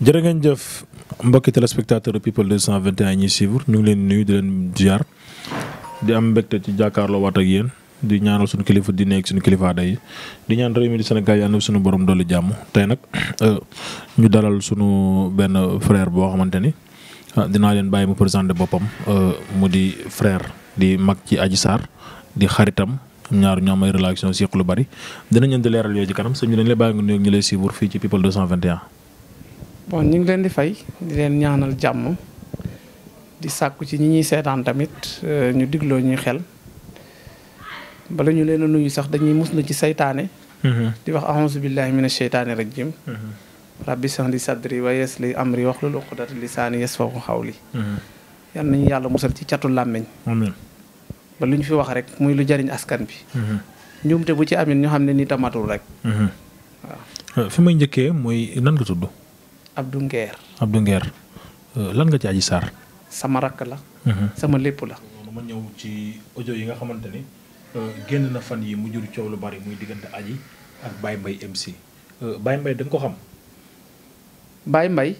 jër ngeen jëf mbokki téléspectateur people 221 ñuy suivre ñu ngi leen nuyu di leen ziar di am mbégte ci jàkkaarloo waat ak yéen di ñaanal suñu kilifa di nekk suñu kilifa aada yi di ñaan réew mi di Sénégal yàlla na suñu borom dolli jàmm tey nag euh, ñu dalal suñu benn frère boo xamante ni ah, dinaa leen bàyyi mu présenté boppam euh, mu di frère di mag ci Adji Sarr di xaritam ñaar ñoo am ay relation si lu bari dinañ leen di leeral yooyu ci kanam sëñ bi dañ lay bàyyi nga nuyu ñu lay suivre bon ñu ngi leen di fay di leen ñaanal jàmm di sàkku ci ñi ñuy seetaan tamit euh, ñu digloo ñuy xel bala ñu leen a nuyu sax dañuy mus na ci seytaane mm-hmm. di wax aouzu billahi mina sheytaani rajim mm-hmm. rabbi sax di sadri wa yasli amri waxlul uqdati lisaani yasfahu xawli mm-hmm. yal nañu yàlla musal ci catu làmmeñ ba lu ñu fi wax rek muy lu jariñ askan bi njuumte bu ci amin ñu xam ne ni tamatul rek waaw fi may njëkkee mooy nan nga tudd Abdou Nguer. Abdou Nguer euh, lan nga ci Adji Sarr. sama rakk la. Mhm. sama lépp la. ma ñëw ci audio yi nga xamante ni euh, génn na fan yi mu jur coow lu bari muy diggante Adji ak Baye Mbaye MC euh, Baye Mbaye da nga ko xam. Baye Mbaye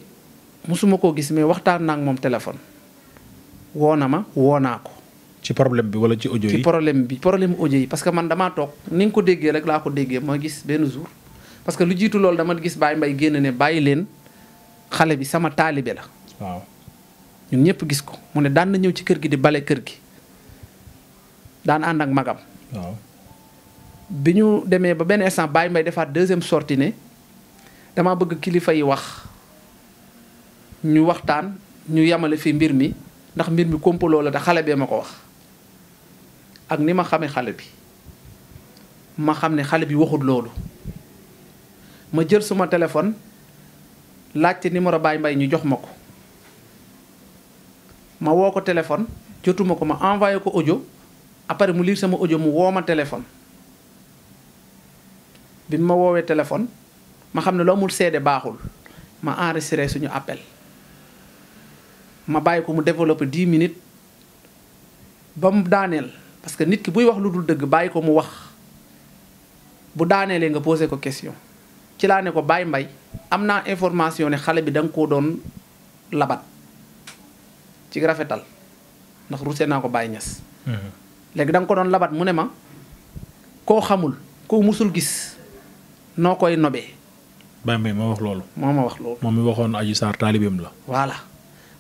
mosuma koo gis mais waxtaan naa ak moom téléphone woo na ma woo naa ko. ci problème bi wala ci audio yi ci problème bi problème audio yi parce man damaa toog ni ko déggee rek laa ko déggee ma gis benn jour parce lu jiitu loolu dama gis Baye Mbaye génn ne bàyyi leen xale bi sama taalibe la. waaw ñépp gis ko mu ne daan na ñëw ci kër gi di bale kër gi daan ànd ak magam. bi ñu demee ba benn instant Baye Mbaye defaat deuxième sortie ne dama bëgg kilifa yi wax ñu waxtaan ñu yamale fi mbir mi ndax mbir mi kompaloo la te xale bee ma ko wax ak ni ma xamee xale bi ma xam ne xale bi waxut loolu ma jël suma téléphone. laajte numéro baay mbay ñu jox ma ko ma woo ko téléphone jotuma ko ma envoyé ko audio après mu liir sama audio mu woo ma téléphone bi ma woowee téléphone ma xam ne loo amul seede baaxul ma enregistré suñu appel ma bàyyi ko mu développé 10 minutes ba mu daaneel parce que nit ki buy wax lu dul dëgg bàyyi ko mu wax bu daaneelee nga posé ko question ci laa ne ko Baye mbay am naa information ne xale bi danga nga koo doon labat ci rafetal ndax ruse naa ko bàyyi ñas mhm. léegi da nga ko doon labat mu ne ma koo xamul koo musul gis noo koy nobee Baye Mbaye moo wax loolu moo ma wax loolu moom waxoon Adji Sarr la voilà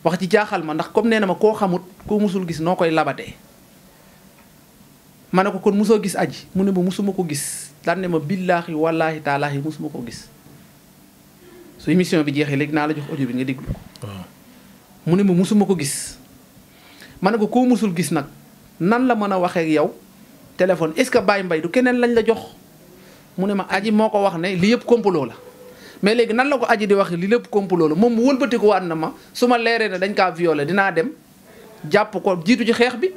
wax ci jaaxal ma ndax comme nee na ma koo xamut koo musul gis noo koy labatee ma ne ko kon musoo gis aji mu ne ma musuma ko gis daan ma billaahi wallaahi taalaahi musuma ko gis su émission bi jeexee léegi naa la jox audio bi nga déglu mu ne ma mosuma ko gis. ma ne ko koo musul gis nag nan la mën a waxee ak yow téléphone est-ce que Baye Mbaye du keneen lañ la jox mu ne ma aji moo ko wax ne li yëpp complot la. mais léegi nan la ko aji di wax li lépp complot la moom mu wëlbatiku waat na ma su ma leeree ne dañ kaa violé dinaa dem jàpp ko jiitu ci xeex bi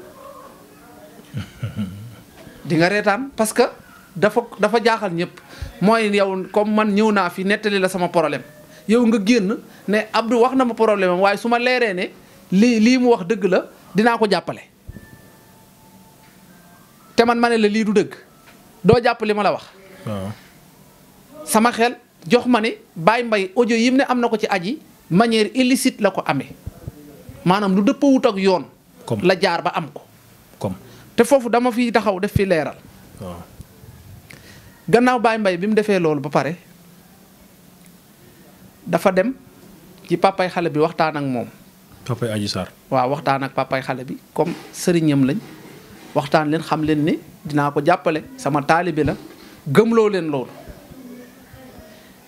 di nga reetaan parce que dafa dafa jaaxal ñëpp. mooy yow comme man ñëw naa fi nettali la sama problème yow nga génn ne Abdou wax na ma problème waaye su ma leeree ne lii lii mu wax dëgg la dinaa ko jàppale te man ma ne la lii du dëgg doo jàpp li ma la wax. sama xel jox ma ne Baye mbay audio yim ne am na ko ci aji manière illicite la ko amee maanaam lu dëppawut ak yoon. la jaar ba am ko. comme te foofu dama fi taxaw def fi leeral. gannaaw Baye mbay bi mu defee loolu ba pare dafa dem ci papay xale bi waxtaan ak moom. papay Adji Sarr. waaw waxtaan ak papay xale bi comme sëriñam lañ waxtaan leen xam leen ni dinaa ko jàppale sama taalibe la gëmloo leen loolu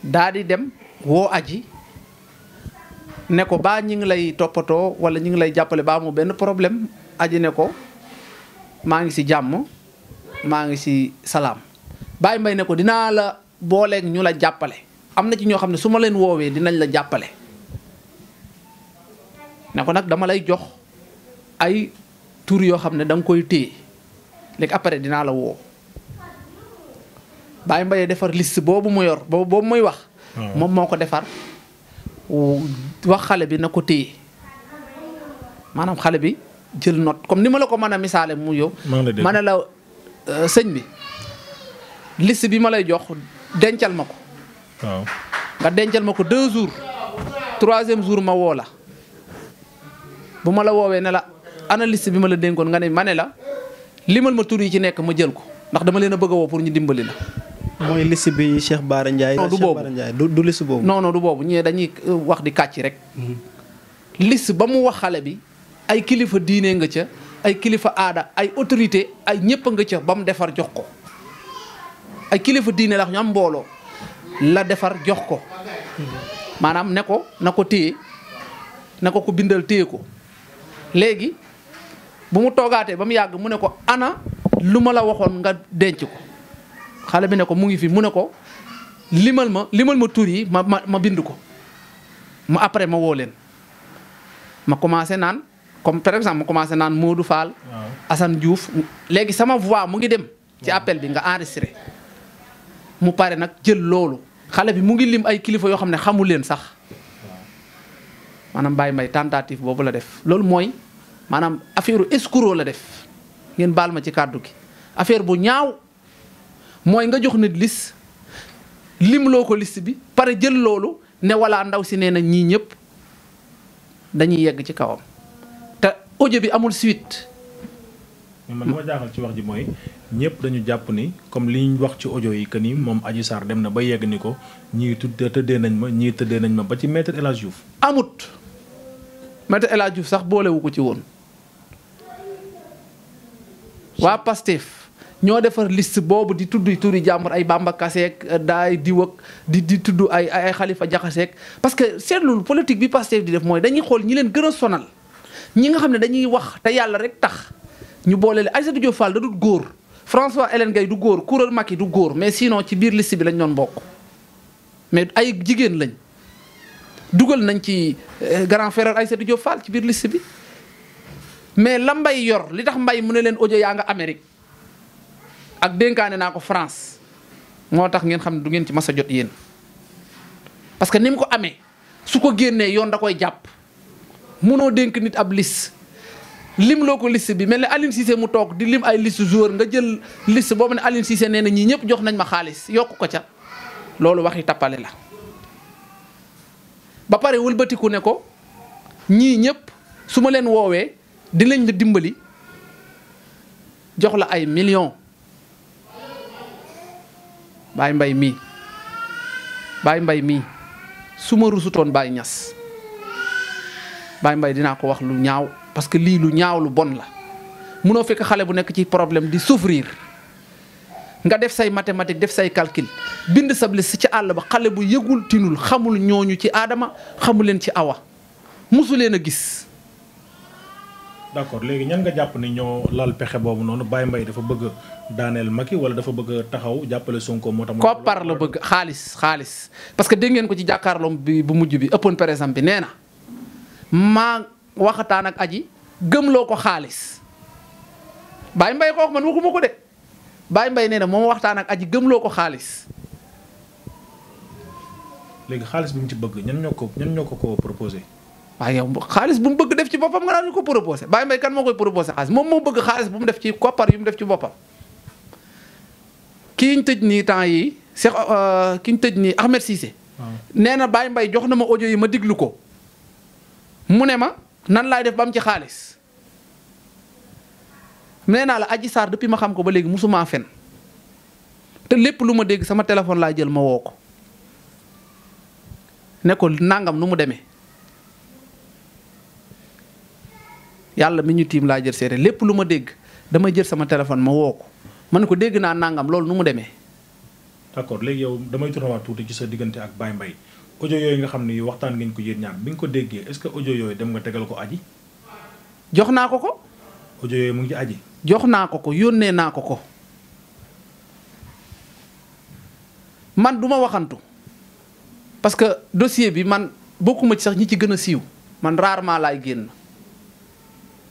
daa di dem woo aji ne ko baa ñi ngi lay toppatoo wala ñi ngi lay jàppale baa mu benn problème aji ne ko maa ngi ci jàmm maa ngi ci salaam. baay mbay ne ko dinaa la booleek ñu la jàppale am na ci ñoo xam ne su ma leen woowee dinañ la jàppale ne ko nag dama lay jox ay tur yoo xam ne danga koy téye léegi après dinaa la woo baay Mbaye defar list boobu mu yor boobu muy wax. moom moo ko defar wax xale bi na ko téye maanaam xale bi jël note comme ni ma la ko mën a misaale mu yow. ma ne la euh, sëñ bi. list bi ma lay jox dencal ma ko. nga dencal ma ko deux jours troisième jour ma woo la bu ma la woowee ne la ana liste bi ma la dénkoon nga ne ma ne la limal ma tur yi ci nekk ma jël ko ndax dama leen bëgg a woo pour ñu dimbali la. mooy list bi Cheikh Bara Ndiaye. non du boobu du liste boobu. non du boobu ñee dañuy euh, wax di kàcc rek. Mhm. list ba mu wax xale bi ay kilifa diine nga ca ay kilifa aada ay autorité ay ñëpp nga ca ba mu defar jox ko. ay kilifa diine la ñu am mbooloo la defar jox ko maanaam ne ko na ko téye ne ko ko bindal téye ko léegi bu mu toogaatee ba mu yàgg mu ne ko ana lu ma la waxoon nga denc ko xale bi ne ko mu ngi fi mu ne ko limal ma limal ma tur yi ma ma ma bind ko mu après ma woo leen ma commencé naan comme par exemple ma commencé naan Modou faal Assane Diouf léegi sama voix mu ngi dem. ci appel bi nga enregistré. mu pare nag jël loolu xale bi mu ngi lim ay kilifa yoo xam ne xamul leen sax maanaam bàyyi mbay tentative boobu la def loolu mooy maanaam affaire escroc a def ngeen baal ma ci kàddu gi affaire bu ñaaw mooy nga jox nit lis lim loo ko liste bi pare jël loolu ne wala ndaw si nee na ñii ñëpp dañuy yegg ci kawam te audio bi amul suite man li ma jaaxal ci wax ji mooy ñëpp dañu jàpp ni comme li ñu wax ci ojo yi que ni moom Adji Sarr dem na ba yegg ni ko ñii tudd tëddee nañ ma ñii tëddee nañ ma ba ci maître El Hadj Diouf. amut maître El sax boolewu ko ci woon waa Pastef ñoo defar list boobu di tudd turi jàmbur ay Bamba Kaseek daay di wëkk di di tudd ay ay Khalifa Jaxaseek parce que seetlu politique bi Pastef di def mooy dañuy xool ñi leen gën a sonal ñi nga xam ne dañuy wax te yàlla rek tax. ñu boole leen Aïssatou Diop Fall da dul góor François Hélène Gaye du góor kuréel Macky du góor mais sinon ci biir liste bi lañ doon bokk mais ay jigéen lañ dugal nañ ci euh, grand frère Aïssatou Diop Fall ci biir liste bi mais la mbay yor li tax mbay mu ne leen ojo yaa nga Amérique ak dénkaane naa ko France moo tax ngeen xam ne du ngeen ci mas a jot yéen parce que ni ko amee su ko génnee yoon da koy jàpp mënoo dénk nit ab liste lim loo ko liste bi mel ni Alioune Cissé mu toog di lim ay liste joueur nga jël liste boobu ne Alioune Cissé nee na ñii ñëpp jox nañ ma xaalis yokk ko ca loolu waxi tappale la ba pare wëlbatiku ne ko ñii ñëpp su ma leen woowee dinañ la dimbali jox la ay millions Baye mbay mii Baye Mbaye mii su rusutoon Baye Ñas Baye mbay dinaa ko wax lu ñaaw parce que lii lu ñaaw lu bon la mënoo fekk xale bu nekk ci problème di souffrir nga def say mathématique def say calcul bind sable liste ci àll ba xale bu yëgul tinul xamul ñooñu ci aadama xamu leen ci awa mosu leen a gis. d'accord léegi ñan nga jàpp ne ñoo lal pexe boobu noonu Baye mbay dafa bëgg daaneel Macky wala dafa bëgg taxaw jàppale Sonko moo tax. koppar la bëgg xaalis xaalis parce que dégg ngeen ko ci jàkkaarloom bi bu mujj bi ëppoon par exemple bi nee na waxataan ak aji gëmloo ko xaalis Baye Mbaye ko wax man waxuma ko de baay mbay nee na moom waxtaan ak aji gëmloo ko xaalis. léegi xaalis bi mu ci bëgg ñan ko ñan ñoo ko ko proposé. waaye yow xaalis bu mu bëgg def ci boppam nga naan ko proposé Baye Mbaye kan moo koy proposé xaalis moom moo bëgg xaalis bu mu def ci koppar yu mu def ci boppam. ki tëj nii temps yi Cheikh euh, ki tëj nii Ahmed Cissé. Ah. nee na Baye Mbaye jox na ma ojo yi ma diglu ko mu ne ma. nan laay def ba am ci xaalis nee naa la aj Sarr depuis ma xam ko ba léegi musuma fen te lépp lu ma dégg sama téléphone laa jël ma woo ko ne ko nangam nu mu demee yàlla mi ñu tiim laa jël seete lépp lu ma dégg damay jël sama téléphone ma woo ko ma ne ko dégg naa nangam loolu nu mu demee. d'accord léegi yow damay tournawaat tuuti ci sa diggante ak Baye Mbaye ojo yooyu nga xam ni waxtaan ngeen ko yéen ñaar bi nga ko déggee est-ce que audio yooyu dem nga tegal ko aji. jox naa ko ko. ojo yooyu mu ngi ci aji. jox naa ko ko yónnee naa ko ko man duma waxantu parce que dossier bi man bokkuma ci sax ñi ci gën a siiw man rarement laay génn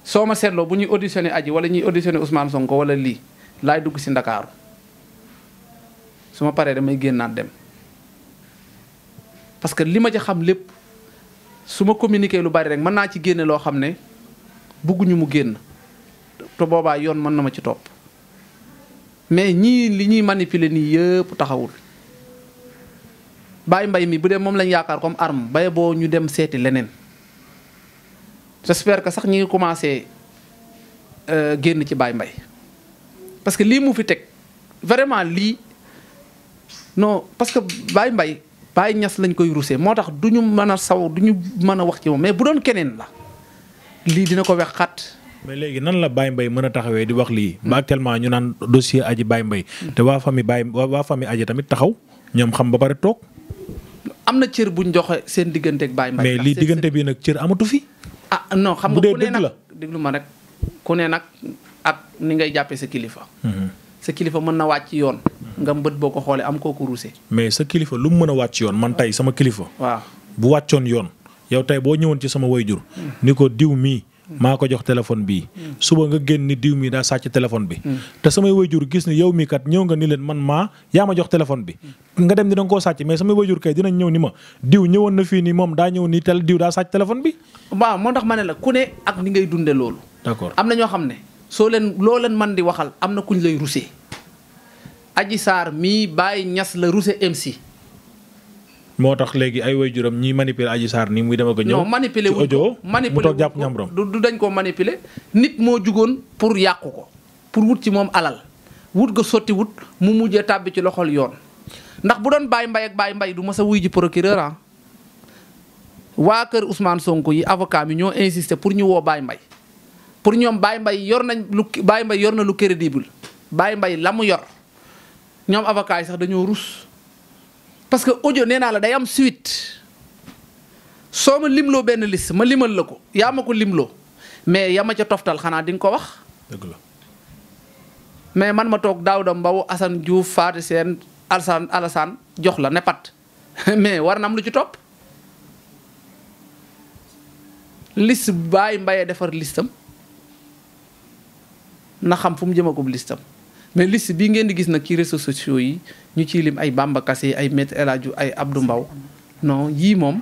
soo ma seetloo bu ñuy auditionné aji wala ñuy auditionné Ousmane Sonko wala lii laay dugg si Ndakaaru su ma paree damay génnaat dem. parce que li ma ci xam lépp su ma communiqué lu bari rek mën naa ci génne loo xam ne bëgguñu mu génn te boobaa yoon mën na ma ci topp mais ñii li ñuy manipuler nii yëpp taxawul bàyyi mbay mi bu dee moom lañ yaakaar comme arme bay boo ñu dem seeti leneen j'espère que sax ñi ngi commencé euh, génn ci baay mbay parce que lii mu fi teg vraiment lii no parce que bàyyi mbay Baye Niass lañ koy ruusee moo tax du ñu mën a saw du ñu mën a wax ci moom mais bu doon keneen la lii dina ko wex xat mais léegi nan la Baye mbay mën a taxawee di wax lii. ba ñu naan dossier aji Baye Mbaye. Hmm. te waa famille Baye waa famille aji tamit taxaw ñoom xam ba pare toog. am na cër buñ joxe seen digganteek baay mbay mais lii diggante bii nag cër amatu fi. ah non xam nga ku ne nag déglu ma rek ku ne nag ak ni ngay jàppee sa kilifa. Hmm. sa kilifa mën na wàcc yoon. nga mbët boo ko xoolee am kooku ruuse. mais sa kilifa lu mu mën a wàcc yoon man tey sama kilifa. waaw bu wàccoon yoon. yow tey boo ñëwoon ci sama wayjur. ni ko diw mii. maa ko jox téléphone bii. suba nga génn ni diw mii daa sàcc téléphone bi. te wayjur gis ni yow mii kat ñëw nga ni leen man maa yaa ma jox téléphone bi. nga dem ni da nga koo sàcc mais samay wayjur kay dinañ ñëw ni ma diw ñëwoon na fii nii moom daa ñëw nii tel diw daa sàcc téléphone bi. waaw moo tax ma ne la ku ne ak ni ngay dundee loolu. d'accord am na ñoo xam ne soo leen loo leen man di waxal am na kuñ lay rusee aji saar mii bàyyi ñas la ruse MC. moo tax léegi ay waajuram ñiy manipuler aji saar ni muy dem ak a ñëw. non manipuler wu audio mu toog jàpp ñamram du dañ koo manipuler nit moo jugoon pour yàqu ko pour wut ci moom alal wut ga sotti wut mu mujjee tàbbi ci loxol yoon ndax bu doon bàyyi mbay ak bàyyi mbay du mas sa wuy ji procureur ah. waa kër Ousmane sonk yi avocat mi ñoo insister pour ñu woo bàyyi mbay. pour ñoom baay mbay yor nañ lu Baye Mbaye yor na lu crédible Baye Mbaye la mu yor ñoom avocat yi sax dañoo rus parce que audio nee naa la day am suite soo ma limloo benn list ma limal la ko yaa ma ko limloo mais ya ma ca toftal xanaa di nga ko wax. mais man ma toog Daouda Mbow Assane Diouf Fatou Seen Alassane Alassane jox la ne mais war na am lu ci topp liste Baye Mbaye defar listam na xam fu mu ko jëmagum listam mais list bii ngeen di gis nag ci réseaux sociaux yi ñu ciy lim ay Bamba ay Maître El Hadji ay Abdou Mbaw non yii moom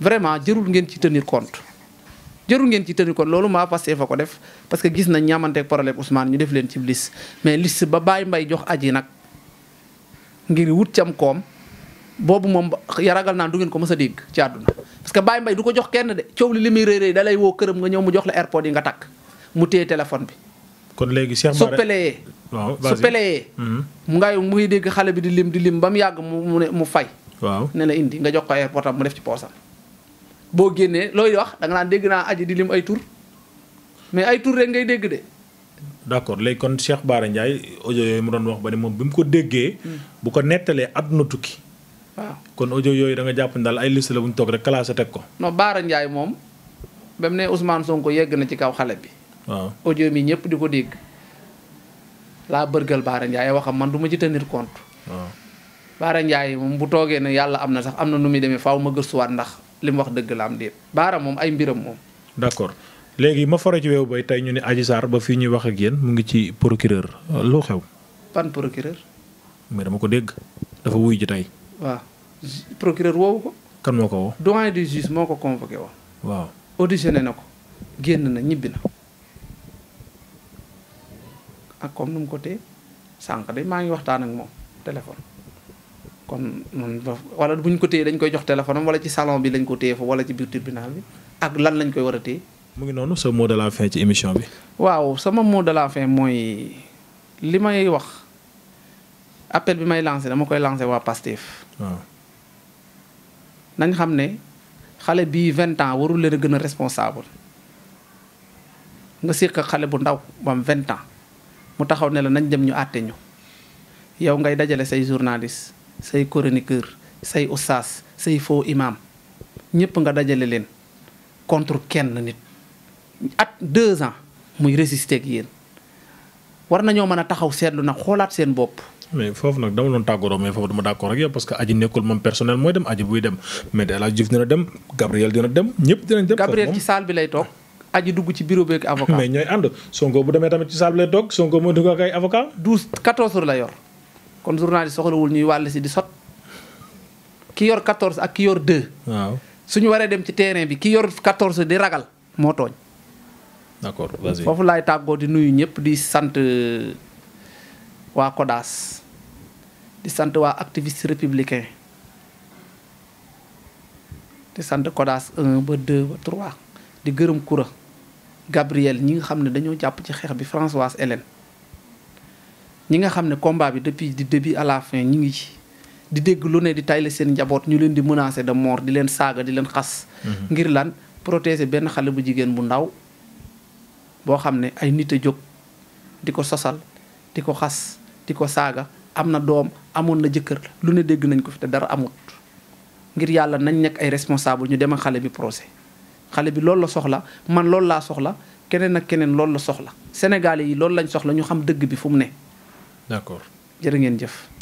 vraiment jërul ngeen ci tenir compte jërul ngeen ci tenir compte loolu maa passé fa ko def parce que gis na ñaamanteeg problème Ousmane ñu def leen ci liste mais liste ba Baye mbay jox aji nag ngir wut cam koom boobu moom ya ragal naa du ngeen ko mës a dégg ci àdduna parce que Baye mbay du ko jox kenn de coow li li muy réy réy da lay woo këram nga ñëw mu jox la airport yi nga takk mu téye téléphone bi kon léegi Cheikh Bara su peleyee. waaw su peleyee. Mhm. dégg xale bi di lim di lim ba mu yàgg mu mu fay. waaw ne la indi nga jox ko airport mu def ci poosam. boo génnee looy wax da nga dégg naa aji di lim ay tur mais ay tur rek ngay dégg de. d' accord léegi kon Cheikh Bara Ndiaye audio mu doon wax ba ne moom bi mu ko déggee. Hmm. bu ko nettalee àdduna tukki. waaw kon audio yooyu da jàpp ne daal ay list la bu ñu toog rek classé teg ko. non Bara Ndiaye moom ba mu ne Ousmane Sonko yegg na ci kaw xale bi. waaw audio mi ñëpp di ko dégg laa bërgal Baara Ndiaye waxam man du ma ci tenir compte. waaw Baara Ndiaye moom bu toogee ne yàlla am na sax am na nu muy demee faw ma gëstuwaat ndax li mu wax dëgg laa am déet Baara moom ay mbiram moom. d'accord léegi ma fara ci weewu bay tey ñu ne Adji Sarr ba fii ñuy wax ak yéen mu ngi ci procureur lu xew. pan procureur. mais dama ko dégg dafa wuy ji tey. waaw procureur woowu ko. kan moo ko woo. doyen du juge moo ko convoqué woon. waaw auditionné na ko génn na ñibbi na. ak comme nu mu ko téye sànq de maa ngi waxtaan ak moom téléphone. kon noonu wala buñ ñu ko téye dañ koy jox téléphone am wala ci salon bi lañ ko téye fa wala ci biir tribunal bi ak lan lañ koy war a téye. mu ngi noonu sa mot de la fin ci émission bi. waaw sama mot de la fin mooy li may wax appel bi may lancé dama koy lancé waa PASTEF. waaw nañ xam ne xale bi vingt ans warul leen a gën a responsable nga seq xale bu ndaw ba vingt ans. mu taxaw ne la nañ dem ñu àtte ñu yow ngay dajale say journaliste say chroniqueur say ustaas say faux imam ñëpp nga dajale leen contre kenn nit at deux ans muy résister ak war nañoo mën a taxaw seetlu nag xoolaat seen bopp. mais foofu nag dama doon tàggatoo mais foofu dama d'accord ak yow parce que aji nekkul moom personnel mooy dem aji buy dem mais El Hadj Diouf dina dem Gabriel dina dem ñëpp dinañ dem. Gabriel ci salle bi lay toog. aji dugg ci bureau beeg avocat. mais ñooy ànd Sonko bu demee tamit ci salle bi moo dugg ak ay avocat. douze quatorze heures la yor kon journaliste soxlawul ñuy wàll si di sot ki yor quatorze ak ki yor deux. suñu waree dem ci terrain bi ki yor quatorze di ragal moo tooñ. foofu lay tàggoo di nuyu ñëpp di sant euh, waa CODAS di sant waa activiste républicain di sant CODAS ba 2 ba 3 di gërëm kura Gabriel ñi nga xam ne dañoo jàpp ci xeex bi Françoise Hélène ñi nga xam ne combat bi depuis di début à la fin ñu ngi ci di dégg lu ne di tayle seen njaboot ñu leen di menacer de moor di leen saaga di leen xas. Mhm. ngir lan protéger benn xale bu jigéen bu ndaw boo xam ne ay nit a jóg di ko sosal di ko xas di ko saaga am na doom amoon na jëkkër lu ne dégg nañ ko fi te dara amut ngir yàlla nañ nekk ay responsable ñu dem xale bi procès. xale bi loolu la soxla man loolu laa soxla keneen ak keneen loolu la soxla Sénégalais yi loolu lañ soxla ñu xam dëgg bi fu mu ne. d'accord jërë ngeen jëf.